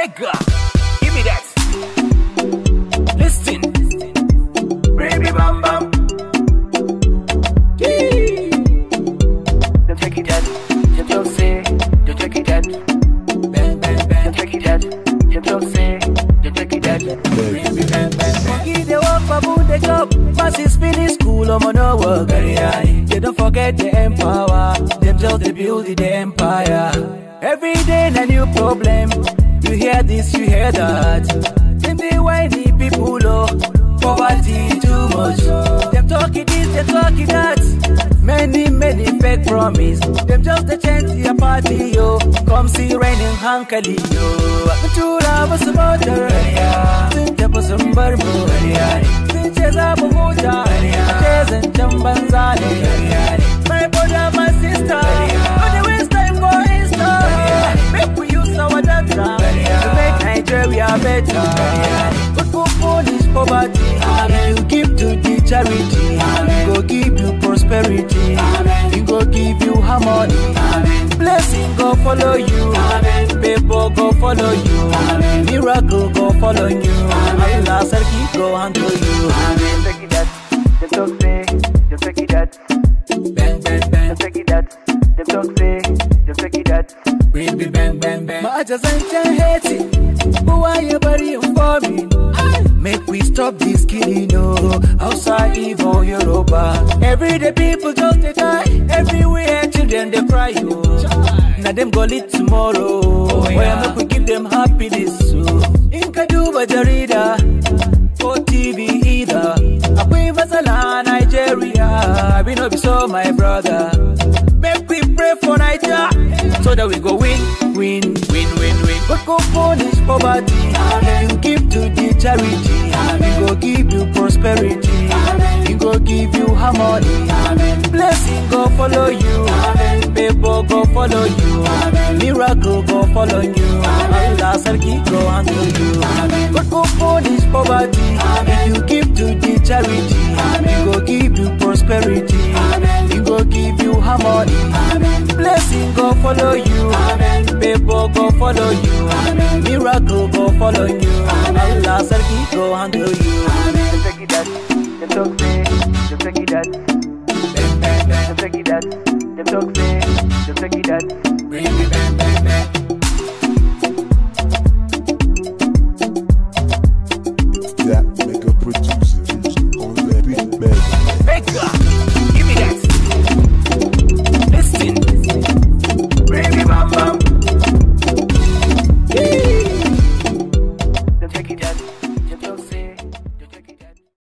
Bigger. Give me that. Listen. Baby bam bam. Take it out, you don't say, you take it out. Bang, bang, bang, take it out, you don't say, you take it out. Baby, bang, bang, bang. Give the work for boot the job, masses finish school, I'm on no work. Very high. They don't forget the empower, them just they build the empire. Every day a new problem, you hear this, you hear that. Them they the people, oh, poverty too much. Them talking this, they talking that. Many, many fake promise. Them just a chant your party, yo. Oh. Come see raining hankali, yo. But you love us about the rain, yeah. are better. Football is poverty. Amen. You give to the charity. Amen. Go give you prosperity. Amen. He go give you harmony. Amen. Blessing go follow you. Amen. People go follow you. Amen. Miracle go follow you. Amen. Allah keep go hand to you. Amen. Take it that. Just say. take it that. Bang bang bang. Them take it that. Just say. Them take it that. bang bang bang. Ma aja zancha hate it. Why you bury Make we stop this killing, no. Outside evil Europa. Everyday people just they die. Everywhere children they cry, yo. Now them go live tomorrow. Oh, yeah. Well, make we give them happiness, so. In Kaduba, Jarida. For TV either. for Vasala, Nigeria. We know we saw my brother. Make we pray for Nigeria. So that we go win, win, go punish poverty. Amen. You give to the charity. Amen. He go give you prosperity. Amen. He go give you harmony. Amen. Blessing go follow you. Amen. People go follow you. Amen. Miracle go follow you. Amen. keep go handle you. Amen. God go punish poverty. Amen. You give to the charity. Amen. He go give you prosperity. Amen. He go give you harmony. Amen. Blessing go follow you. Amen go follow you. Amen. Miracle go follow you. Amen. Allah go handle you. Amen. take it that. Them talk say. Just take it that. Just take it that. talk say. Just take it that. Bring back.